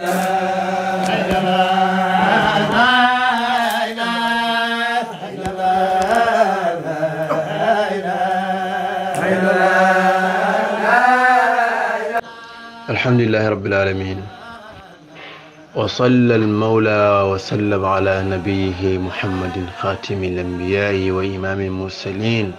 الحمد لله رب العالمين وصلى المولى وسلم على نبيه محمد خاتم الأنبياء وإمام المرسلين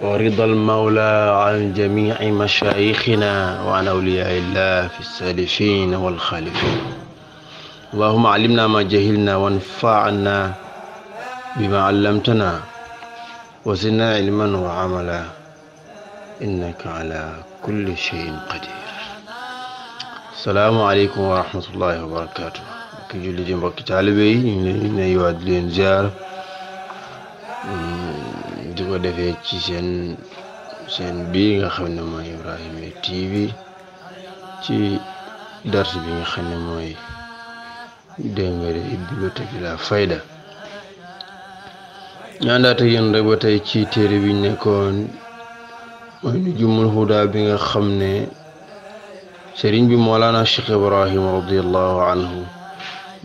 ورضا المولى عن جميع مشايخنا وعن أولياء الله في السالفين والخالفين اللهم علمنا ما جهلنا وانفعنا بما علمتنا وزدنا علما وعملا إنك على كل شيء قدير السلام عليكم ورحمة الله وبركاته ki julli di mbokki taalibe yi ñu ko ci seen seen bii nga xam ne mooy Ibrahima TV ci dars bi nga xam ne mooy dégg nga bibliothèque de fayda ñaandaate yéen rek ba tey ci téere bi ñu nekkoon mooy jumul huda bi nga xam ne seriñ bi moolaana Cheikh Ibrahim radiallahu anhu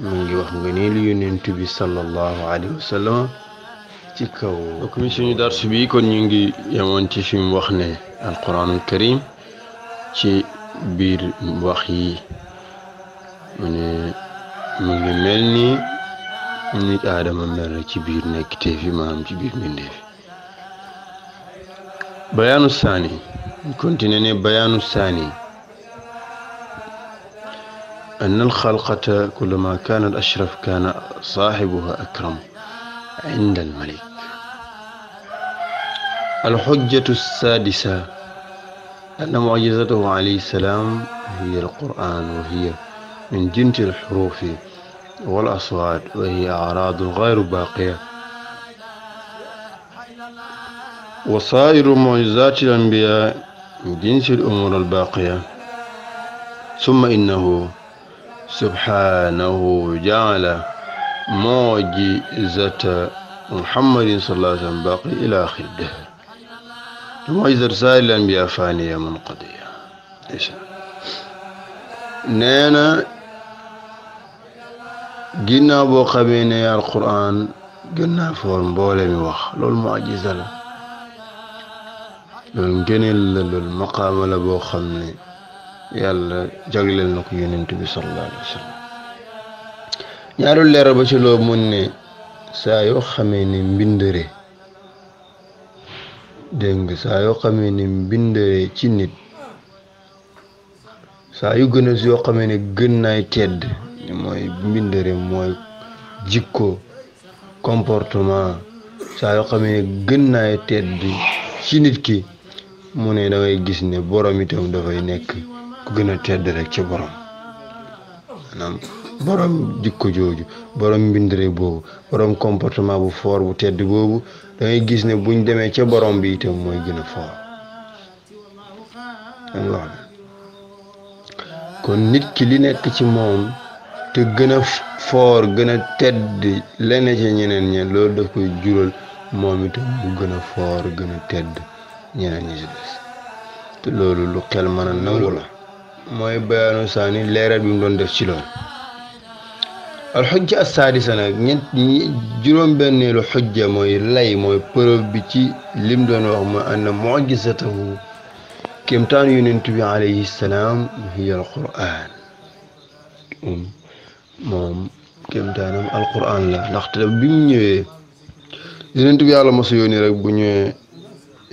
mu ngi wax nga nii li yonent bi sallallahu alayhi wa ci kaw commission yu darsu bi kon ñu ngi yemoon ci fi mu wax ne alquranul karim ci biir wax yi mu ne mu ngi mel ni nit aadama mel ci biir nekkitee fi maanaam ci biir mbindee fi bayaanu saani continue ne bayaanu saani أن الخلقة كلما كان الأشرف كان صاحبها أكرم عند الملك الحجة السادسة أن معجزته عليه السلام هي القرآن وهي من جنس الحروف والأصوات وهي أعراض غير باقية وسائر معجزات الأنبياء من جنس الأمور الباقية ثم إنه سبحانه جعل mucjizata muhammadin sallallahu alayhi wasallam baqi ila axiri dahr mucjizata saa'iril anbiyaa faaniya munqadiya nee na ginnaaw boo xamee ne alquran gën naa foor mboole mi wax loolu mucjiza la loolu ngëneel la loolu maqaama la boo xam ne yàlla jagleel na ko yonent bi sallallahu alayhi wasallam ñaareelu leeral ba ci mun ne saa yoo xamee ne mbindere dégg saa yoo xamee ne mbindere ci nit saa yu gën a yoo xamee ne gën naay tedd mooy mbindere mooy jikko comportement saa yoo xamee ne gën naay tedd ci nit ki mu ne da gis ne borom itam dafay nekk ku gën a tedd rek ci borom borom jikko jooju borom mbindire boobu borom comportement bu foor bu tedd boobu da ngay gis ne buñ demee ca borom bi mooy gën a foor kon nit ki li nekk ci moom te gën a foor gën a tedd lene ca ñeneen ña loolu daf koy jural moom itam mu gën a foor gën a tedd ñeneen ñi si des te loolu lu xel mën a nangu la mooy bayaanu saani leeral bi mu doon def ci loolu alxujja assaadisa nag ñett juróom-benneelu xujja mooy lay mooy preuve bi ci lim doon wax mooy anna mujisatahu kéemtaan yonent bi alayhi salaam hiya alquran moom moom kéemtaanam la ndaxte bi mu ñëwee yonent bi yàlla mosu yónni rek bu ñëwee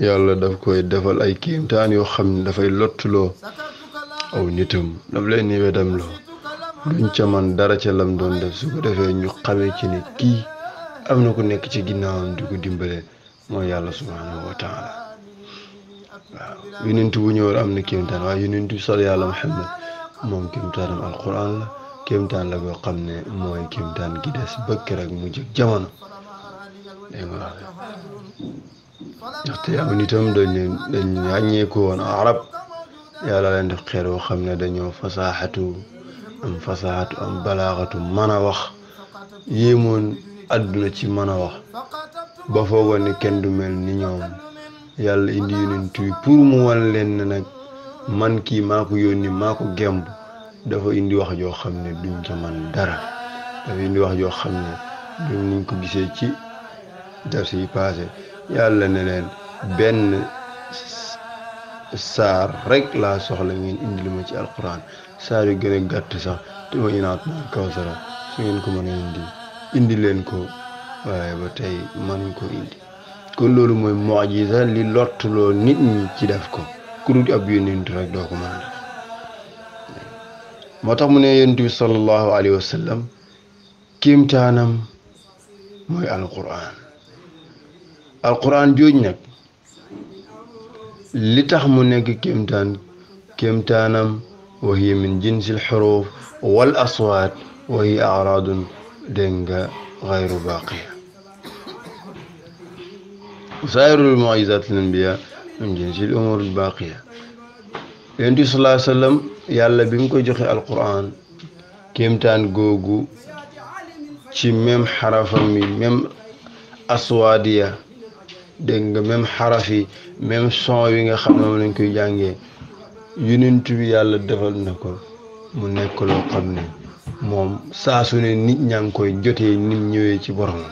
yàlla daf koy defal ay kéemtaan yoo xam ne dafay lottuloo aw nitam daf lay niwetam loo duñ ca man dara ca lam doon def su ñu xamee ci ne kii am na ku nekk ci ginnaawam di ko dimbale mooy yàlla subhanahu wa taala waaw yonent am na kéemtaan waaye yonent sol yàlla Muhammad moom kéemtaanam alquran la kéemtaan la boo xam ne mooy kéemtaan gi des bëkk rek mu jëg jamono dégg nga wax ndaxte aw nitam dañ dañ ràññeeku xam ne dañoo fasaaxatu am fasaxatu am balaaxatu mën a wax yéemoon àdduna ci mën a wax ba foogoon ni kenn du mel ni ñoom yàlla indi yonent yi pour mu wan leen nag man kii maaku ko yónni maa gemb dafa indi wax joo xam ne duñ ca man dara dafa wax joo xam ne niñ ko gisee ci dars yi passé yàlla ne leen benn saar rek laa soxla ngeen indi lu ma ci alquran saar yu gën a gàtt sax te wa inaat naan kawsara su ngeen ko mën a indi indi leen ko waaye ba tey mënuñ ko indi kon loolu mooy mujiza li lottuloo nit ñi ci def ko ku dut ab yonent rek doo ko mën a def moo tax mu ne yonent bi sallallahu alayhi wa sallam kiimtaanam mooy alquran alquran jooj nag li tax mu nekk kéemtaan kéemtaanam وهي من جنس الحروف والأصوات وهي أعراض دنجة غير باقية وسائر المعجزات الأنبياء من جنس الأمور الباقية ينتي صلى الله عليه وسلم يالا بيمكو جخي القرآن كيمتان جوجو تي ميم حرفا ميم أصواديا دنجة ميم حرفي ميم صوم ويغا خدمة ونكو جانجي yonent bi yàlla defal na ko mu nekkul loo xam ne moom saa su ne nit ñaa ngi koy jotee nim ñëwee ci borom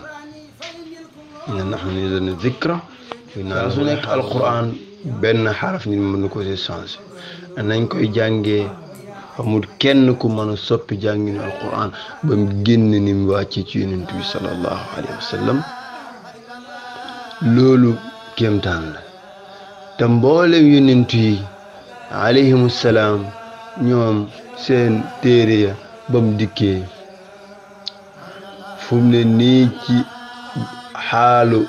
na nax ni dana zikra saa su nekk alquran benn xaraf nit mën na ko si changé nañ koy jàngee amul kenn ku mën a soppi jànginu alquran ba mu génn ni mu ci yonent bi sallallahu alayhi wa sallam loolu la te mboolem yonent alayhimu salaam ñoom seen téere ya bam dikkee fu ni nii ci xaalu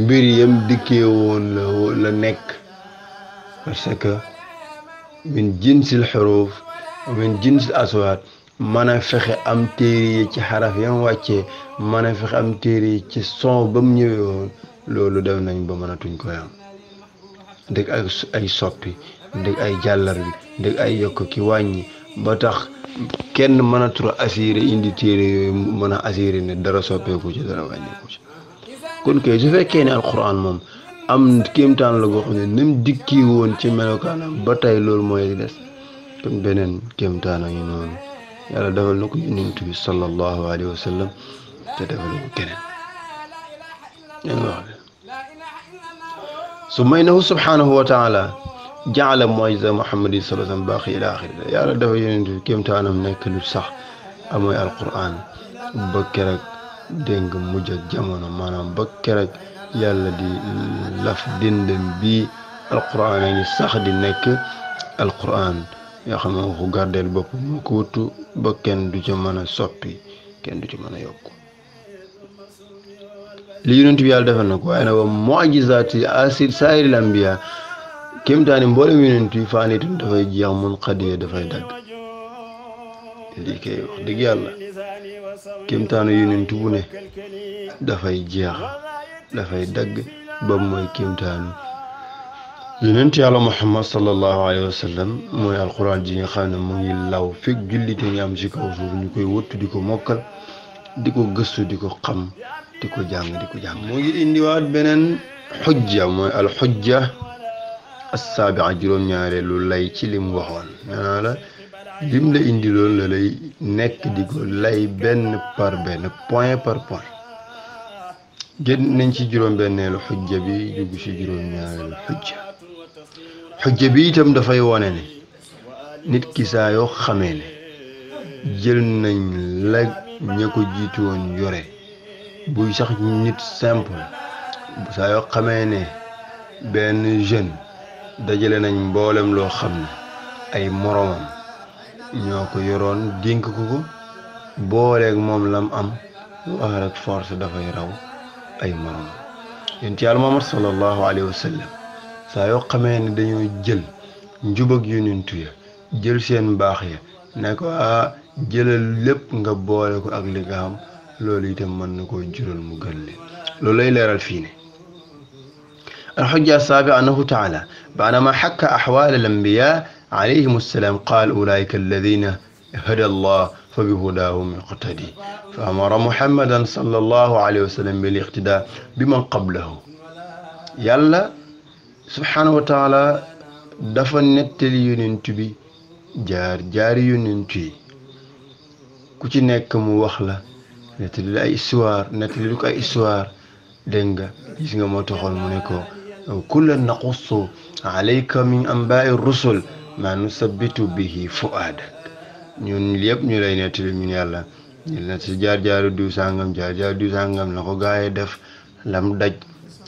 mbir yam dikkee woon la la nekk parce que min jinsil xuruuf min jinsil aswaat mën a fexe am téere yi ci xaraf yam wàccee mën fexe am téere yi ci son ba mu ñëwee woon loolu def nañ ba mënatuñ koy am dëkk ay soppi ndeg ay jàllar bi ndeg ay yokk ki tax kenn mën a indi téere yooyu mën a assuré dara soppeeku ci dara kon kay su fekkee ne alquran moom am kéemtaan la goo xam ne ni ba tey loolu mooy li des kon beneen kéemtaan yi noonu yàlla defal na ko yonent bi sallallahu may nahu subhanahu wa taala jaala mooy sa Muhammad sallallahu alayhi wasallam baax ila axiri yàlla dafa yonent bi kéemtaanam nekk lu sax amooy alquran ba keroog dégg mujj ak jamono maanaam ba keroog yàlla di laf dindam bii alquran a ngi sax di nekk alquran yoo xam ne ko gardeel bopp moo ko wuttu ba kenn du ca mën a soppi kenn du ci mën a yokk li yonent bi yàlla defal waaye nag wa mu'jizaati asir saayiril anbiya kéemtaani mboolem yonent yi faaniitun dafay jeex mun xadiya dafay dagg lii kay wax dëgg yàlla kéemtaanu yonent bu dafay jeex dafay dagg ba mooy kéemtaanu yonent yàlla muhammad sallallahu alayhi wa sallam mooy alquran ji nga xam ne mu ngi law fekk jullite ngi am ci kaw suuf koy wëttu di ko mokkal di ko gëstu di ko xam di ko jàng di ko jàng mu ngi indiwaat beneen xujja mooy alxujja assaabi'a juróom-ñaareelu lay ci lim waxoon nee la lim la indi la lay nekk di ko lay benn par benn point par point génn nañ ci juróom-benneelu xujja bi dugg ci juróom-ñaareelu xujja bi itam dafay wone ne nit ki saa yoo xamee ne jël nañ la ña ko jiitu yore buy sax nit simple saa yoo xamee ne benn jeune dajale nañ mboolem lo xamne ay moroomam ñoko yoron yoroon dénk ko ko booleeg moom lam am wax rek force dafay raw ay morom yéen ci yàlla Muhammad sallallahu alayhi wasallam sa yo xamé ni dañu jël njub ak yonent ya jël seen bax ya ne ko a jëlal lépp nga boole ko ak li nga am lolou itam man nako koo jural mu gën leen loolu lay leeral ne الحجة السابعة أنه تعالى بعدما حكى أحوال الأنبياء عليهم السلام قال أولئك الذين هدى الله فبهداهم يقتدي فأمر محمدا صلى الله عليه وسلم بالاقتداء بمن قبله يلا سبحانه وتعالى دفن nettali yonent جار جار jaari yonent yi ku ci nekk mu wax la nettali la ay histoire nettali كلا نقص عليك من أنباء الرسل ما نثبت به فؤادك ñun yëpp ñu lay nettali ñun yàlla ñu la ci jaar jaaru diw sàngam jaar jaaru diw sàngam na ko gaaye def lam daj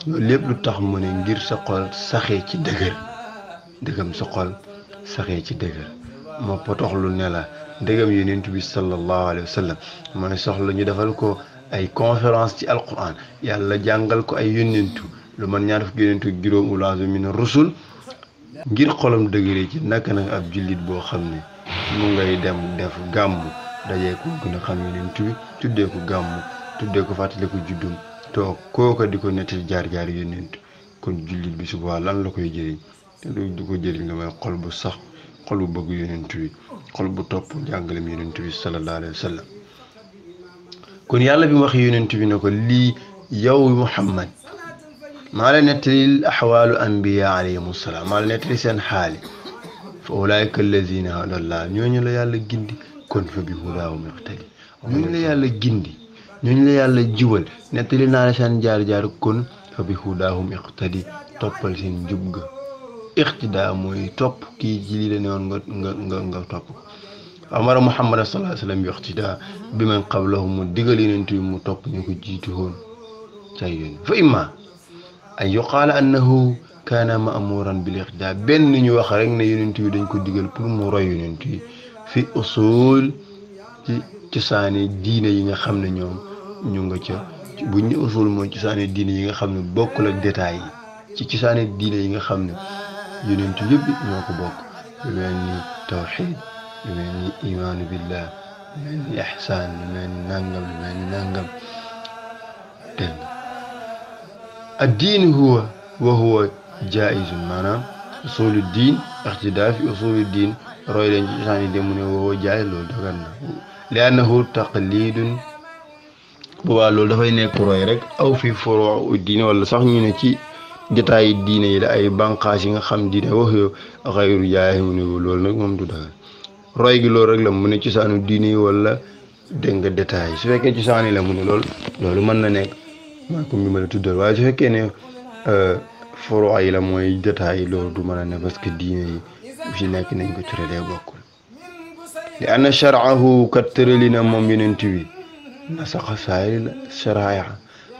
loolu lépp lu tax mu ne ngir sa xol saxee ci dëgër dëgam sa xol saxee ci dëgër moo potoxlu ne la dëgam yonent bi sallallahu alayhi wa sallam mu ne soxla ñu defal ko ay conférence ci alquran yàlla jàngal ko ay yonentu lu man ñaar fukki yonent ak juróom ulaasu min rusul ngir xolam dëgëre ci naka nag ab jullit boo xam ne mu ngay dem def gàmmu dajee ko gën a xam yonent bi tuddee ko gàmmu tuddee ko fàttali ko juddum toog kooka di ko nettali jaar jaar yonent kon jullit bi subaa lan la koy jëriñ du ko jëriñ la may xol bu sax xol bu bëgg yonent xol bu topp njàngalem yonent bi sallallahu alayhi wa sallam kon yàlla bi mu waxee yonent ne ko lii yow Muhammad مال نتريل أحوال الأنبياء عليهم السلام مال نتريل سن حالي فأولئك الذين هدى الله نيون لا يالا جندي كن فبهدى ومقتدي نيون لا يالا جندي نيون لا يالا جول نتريل نال سن جار جار كن فبهدى ومقتدي توبل سن جبغ اقتداء موي توب كي جيلي نيون غا غا غا توب أمر محمد صلى الله عليه وسلم يقتدى بمن قبلهم ديغلي نتي مو توب نيكو جيتو هون فإما ay yuqaala annahu kaana maamuran bil iqtidaa benn ñu wax rek ne yonent yi dañ ko digal pour mu roy yonent yi fi usul ci cosaani diine yi nga xam ne ñoom ñu nga ca bu ñu usul mooy cosaani diine yi nga xam ne bokkul ak détails yi ci cosaani diine yi nga xam ne yonent yëpp ñoo ko bokk lu mel ni tawxid lu mel ni imaanu billah lu mel ni ihsaan lu mel ni nangam lu mel ni nangam dégg addiin huwa wa huwa jaaisun maanaam usulu diin ixtidaa fi usulu diin roy leen ci cosaan yi dem wa huwa jaais loolu dagan na li annahu taqlidun boobaa loolu dafay nekk roy rek aw fi furuu diine wala sax ñu ne ci jotaayi diin yi la ay banqaas yi nga xam diine wax yow xayru jaay mu ne loolu nag moom du dagan rek la mu ne cosaanu diine yi wala dégg nga détail su fekkee cosaani la mu ne loolu mën na nekk mooy mën a tuddal waaye su fekkee ne euh, foro mooy détails yi loolu du mën a ne parce yi bu ci nekk nañ ko tëralee bokkul li anna ka kat tërali moom yonent bi na saxa saay la sharia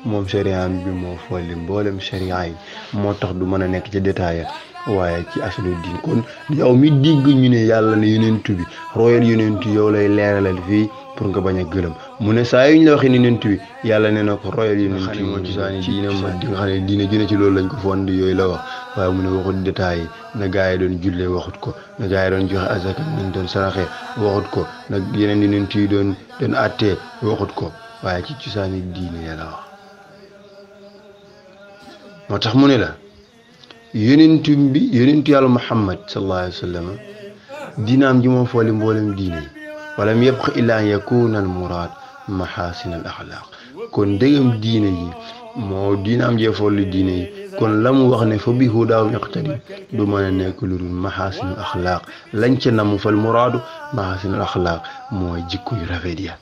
moom sharia bi moo folli mboolem sharia yi moo tax du mën a nekk ci détail waaye ci aslu diin kon yow mi digg ñu ne yàlla ne yonent bi royal yonent yow lay leeralal fii pour nga bañ a gëlëm mu ne saa yu ñu la waxee ni yonent bi yàlla ne na ko royal yonent bi moo ci saani diina ma di ne diina jëne ci loolu lañ ko fond yooyu la wax waaye mu ne waxut détails na gaa yi doon jullee waxut ko na gaa yi doon joxe asaka nañ doon saraxee waxut ko na yeneen yonent yi doon doon attee waxut ko waaye ci cosaani diine la wax moo tax mu ne la yonent bi yonentu yàlla muhammad sallallahu alayhi wa sallam diinaam ji moo fooli mboolem diine walam yabqa illa an yakuna muraad maxaasin al axlaaq kon ndegam diine ji moo diine am jee folli diine yi kon la mu wax ne fa bi hudaahum du mën a nekk lu dul maxaasin lañ ca namu fal muraadu maxaasin al axlaaq mooy jikko yu rafet ya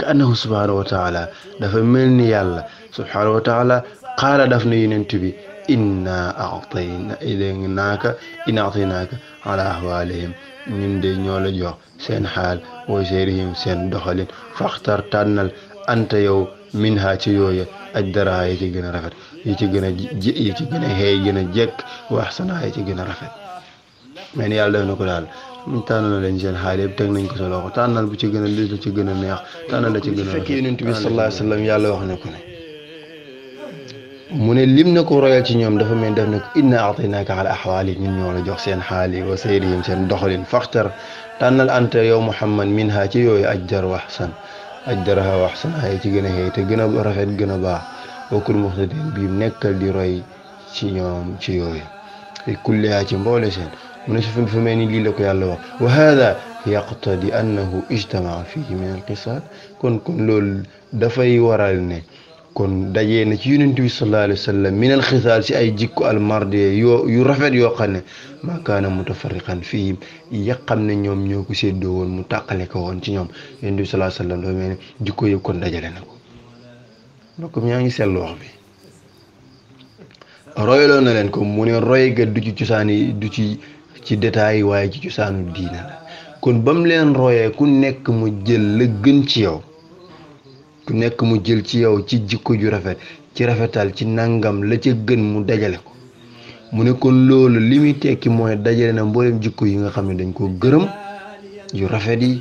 ka annahu subhaanahu wa dafa mel ni yàlla subhaanahu wa taala qaala daf na yonent bi inna actaynaaka in actaynaaka ala ahwaalihim ñun de ñoo la jox seen xaal wa seerihim seen doxalin faxtar tànnal anta yow min ha ci yooya aj dara yi ci gën a rafet yi ci gën a ji yi ci gën gën a jekk wax sanaa yi ci gën a rafet mais ni yàlla ko daal mu tànnal leen seen xaal yëpp teg nañ ko sa loxo tànnal bu ci gën a li la ci gën a neex tànnal la ci gën a rafet fekkee yonent bi sallallahu alayhi wa sallam yàlla wax ne ko ne mu ne lim na ko royal ci ñoom dafa mel def na ko inna aatinaaka ala axwaali ñun ñoo la jox seen xaali wa sayrihim seen doxalin faxtar tànnal anta yow muhammad min ha ci yooyu ajjar waxsan ajjaraha waxsan ay ci gën a xëy te gën a rafet gën a baax bokkul muxtadin bii nekkal di roy ci ñoom ci yooyu fi kulliha ci mboole seen mu ne sufi fa mel ni lii la ko yàlla wax wa hada yaqtadi annahu ijtamaa fihi min alqisaat kon kon loolu dafay waral ne kon dajee na ci yonent bi sallallahu alayhi wa sallam minal xisaal si ay jikko almarde yoo yu rafet yoo xam ne maakaana mutafarriqan fii ya xam ne ñoom ñoo ko séddoo woon mu tàqale ko woon ci ñoom yonent bi sallallahu alayhi wa sallam dafa mel ne jikko yëpp kon dajale na ko mbokk mi yaa ngi seetlu wax bi royloo na leen ko mu ne roy ga du ci cosaan yi du ci ci détail waaye ci cosaanu diina la kon ba mu leen royee ku nekk mu jël la gën ci yow ku nekk mu jël ci yow ci jikko ju rafet ci rafetal ci nangam la ca gën mu dajale ko mu ne kon loolu li tekki mooy dajale na mboolem jikko yi nga xam ne dañ koo gërëm yu rafet yi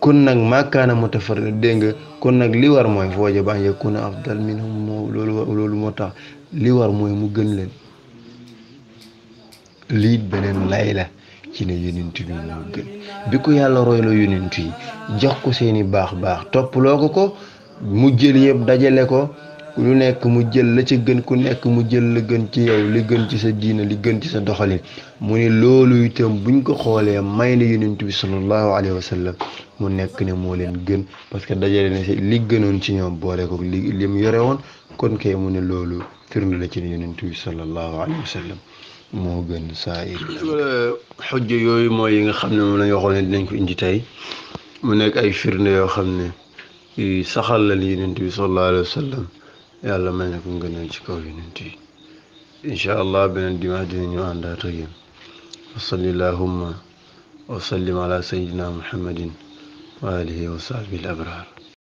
kon nag maakaana mu tafar dégg nga kon nag li war mooy fooja ba yakuna afdal minhum moo loolu loolu moo tax li war mooy mu gën leen liit beneen lay ci ne yonent bi moo gën bi ko yàlla royloo yonent yi jox ko seeni baax baax toppaloo ko ko mu jël yëpp dajale ko lu nekk mu jël la ci gën ku nekk mu jël la gën ci yow li gën ci sa diina li gën ci sa doxalin mu ne loolu itam buñ ko xoolee may na yonent bi sallallahu alayhi wa sallam mu nekk ne moo leen gën parce que dajale na si li gënoon ci ñoom boole ko li li mu yore woon kon kay mu ne loolu firnde la ci ne yonent bi sallallahu alayhi wa sallam moo gën saa ir xujja yooyu mooy yi nga xam ne moom lañ waxoon ne dinañ ko indi tey mu nekk ay firnde yoo xam ne saxal la li yonent bi sallallahu alayhi wa sallam yàlla may na ko ngënal ci kaw yonent yi insha allah beneen dimanche dinañu àndaat ak yéen wa salli allahumma wa sallim ala sayyidina muhammadin wa alihi wa sahbihi al abrar